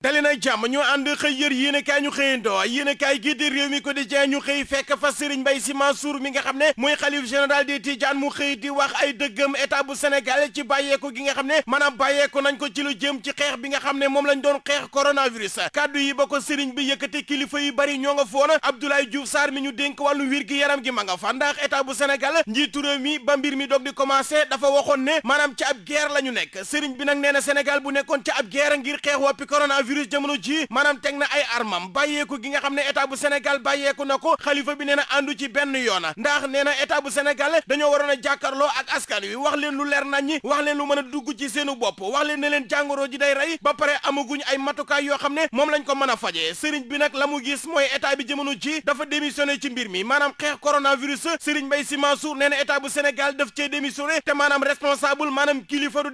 dali nag jàmm ñu ànd xëy yër yéen kaay ñu xëyandoo yéen kaay gii di réew mi ko di jen ñu xëy fekk fa Serigne Mbaye Sy Mansour mi nga xam ne mooy xalif général des Tidianes mu xëy di wax ay dëggam état bu Sénégal ci bàyyeeku gi nga xam ne maanaam bàyyeeku nañ ko ci lu jëm ci xeex nga xam ne moom lañ doon xeex coronavirus kaddu yi ba ko Serigne bi yëkkati kilifa yu bari ñoo nga foon Abdoulaye Diouf Sarr mi ñu dénk wàllu wér gi yaram gi ma nga fa ndax état bu Sénégal njiitu réew mi ba mbir mi doog di commencé dafa waxoon ne maanaam ci ab guerre la ñu nekk Serigne bi nag nee na Sénégal bu nekkoon ci ab guerre ngir xeex woppi corona coronavirus jamono ji maanaam teg na ay armam bàyyeeku gi nga xam ne état bu Sénégal bàyyeeku na ko xalifa bi nee na àndu ci benn yoona ndax nee na état bu Sénégal dañoo waroon a jàkkaarloo ak askan wi wax leen lu leer nañ ñi wax leen lu mën a dugg ci seenu bopp wax leen ne leen jàngoro ji day rey ba pare amaguñ ay matukaay yoo xam ne moom lañ ko mën a fajee seriñ bi nag la mu gis mooy état bi jamono ji dafa démissionné ci mbir mi maanaam xeex coronavirus sëriñ Mbaye Sy Mansour nee na état bu Sénégal daf cee démissionné te maanaam responsable maanaam kilifa du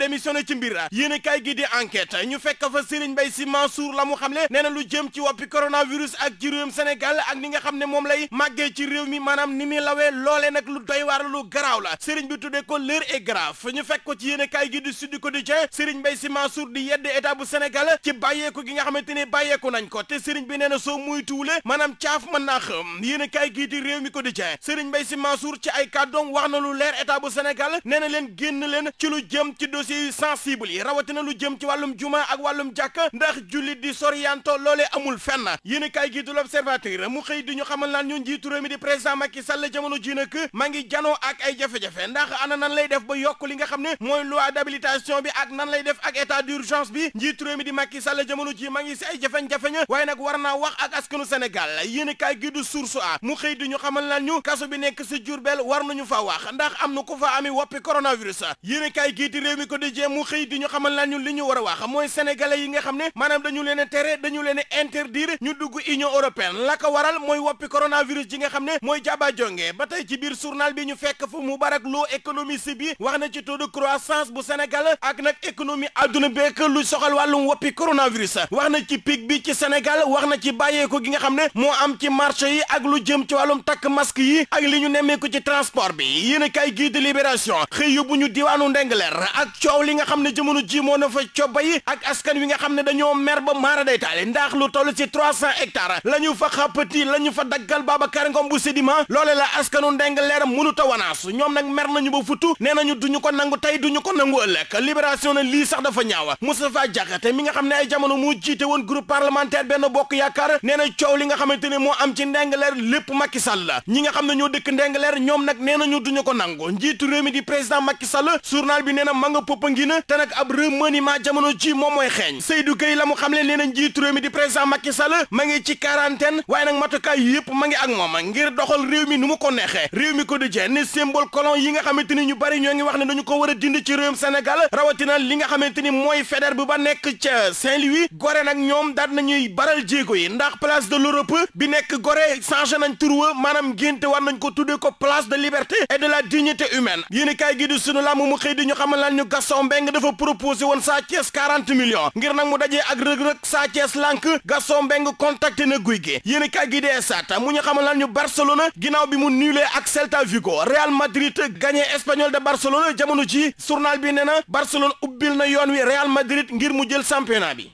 ci mbir yéen a di enquête ñu fekk fa sëriñ Mbaye Sy Mansour Mansour la mu xam le nee na lu jëm ci woppi coronavirus ak ci réewum Sénégal ak ni nga xam ne moom lay màggee ci réew mi maanaam ni muy lawee loolee nag lu doy waar lu garaaw sëriñ bi tuddee ko l'heure est grave ñu fekk ci yéen kaay gi di Sud Quotidien sëriñ Mbaye Sy Mansour di yedd état bu Sénégal ci bàyyeeku gi nga xamante ne bàyyeeku nañ ko te sëriñ bi nee na soo muy tuule maanaam caaf mën naa xam yéen kaay gi di réew mi ko Quotidien sëriñ Mbaye Sy Mansour ci ay kàddoom wax na lu leer état bu Sénégal nee na leen génn leen ci lu jëm ci dossier yu sensible yi rawatina lu jëm ci wàllum jumaa ak wàllum jàkk ndax jullit di soriyanto loolee amul fenn yéen kaay gi du l'observateur mu xëy di ñu xamal naan ñun jiitu réew mi di président Macky Sall jamono ji nag ma ngi janoo ak ay jafe-jafe ndax ana nan lay def ba yokk li nga xam ne mooy loi d'habilitation bi ak nan lay def ak état d'urgence bi njiitu réew mi di Macky Sall jamono ji ma ngi si ay jafeñ-jafeñ waaye nag war naa wax ak askanu Sénégal yéen kaay gi du source a mu xëy di ñu xamal naan ñu kaso bi nekk si Diourbel war nañu fa wax ndax am na ku fa ami woppi coronavirus yéen kaay gi di réew mi ko di jee mu xëy di ñu xamal naan ñu li ñu war a wax mooy sénégalais yi nga xam ne dañu leen a tere dañu leen a interdire ñu dugg union européenne la ko waral mooy woppi coronavirus ji nga xam ne mooy jaba jonge ba tey ci biir journal bi ñu fekk fu Moubarak Lo économiste bi wax na ci taux de croissance bu Sénégal ak nag économie adduna beek lu soxal wàllum woppi coronavirus wax na ci pic bi ci Sénégal wax na ci bàyyeeku gi nga xam ne moo am ci marché yi ak lu jëm ci wàllum takk masque yi ak li ñu nemmeeku ci transport bi yéen a kaay gii de libération xëy yóbbu ñu diwaanu Ndengler ak coow li nga xam ne jamono ji moo na fa cobbay ak askan wi nga xam ne dañoo mer ba maara day taale ndax lu toll ci trois cent hectares la ñu fa xàppati la ñu fa daggal Babacar Ngom bu Sedima loole la askanu ndeng leer mënut a wanaas ñoom nag mer nañu ba futu nee nañu duñu ko nangu tey duñu ko nangu ëllëg libération na lii sax dafa ñaawa Moustapha Diakhaté mi nga xam ne ay jamono mu jiite woon groupe parlementaire benn bokk yaakaar nee na coow li nga xamante ne moo am ci ndeng leer lépp Macky Sall la ñi nga xam ne ñoo dëkk ndeng leer ñoom nag nee nañu duñu ko nangu njiitu réew mi di président Macky Sall journal na ma nga na te nag ab moom mooy xeeñ Seydou Gueye la xam na njiitu réew mi di président Macky Sall ma ngi ci quarantaine waaye nag matukaay yëpp ma moom ngir doxal nu mu ko neexee réew mi ko di jee ni symbole colon yi nga xamante ni bari ñoo ngi wax ne dañu ko war a dindi ci réewum Sénégal rawatina li nga xamante ni mooy fédère bu ba nekk ca Saint-Louis gore nag ñoom daal nañuy baral jéego yi ndax place de l'Europe bi nekk gore changé nañ tur maanaam génte war nañ ko tuddee ko place de liberté et de la dignité humaine yéen kaay gi di sunu làmb mu xëy di ñu xamal lan ñu Gaston Mbengue dafa proposé woon saa Thiès 40 ngir nag mu dajee ak rëg-rëg Sa Thiès lànk Gaston Mbengue contacté na guy gi yéen i kaay gi dee saata mu ñu xamal lan ñu Barcelona ginnaaw bi mu nulé ak Celta Vigo Real Madrid gagné Espagnol de Barcelone jamono ji journal bi nee na Barcelone ubbil na yoon wi Real Madrid ngir mu jël championnat bi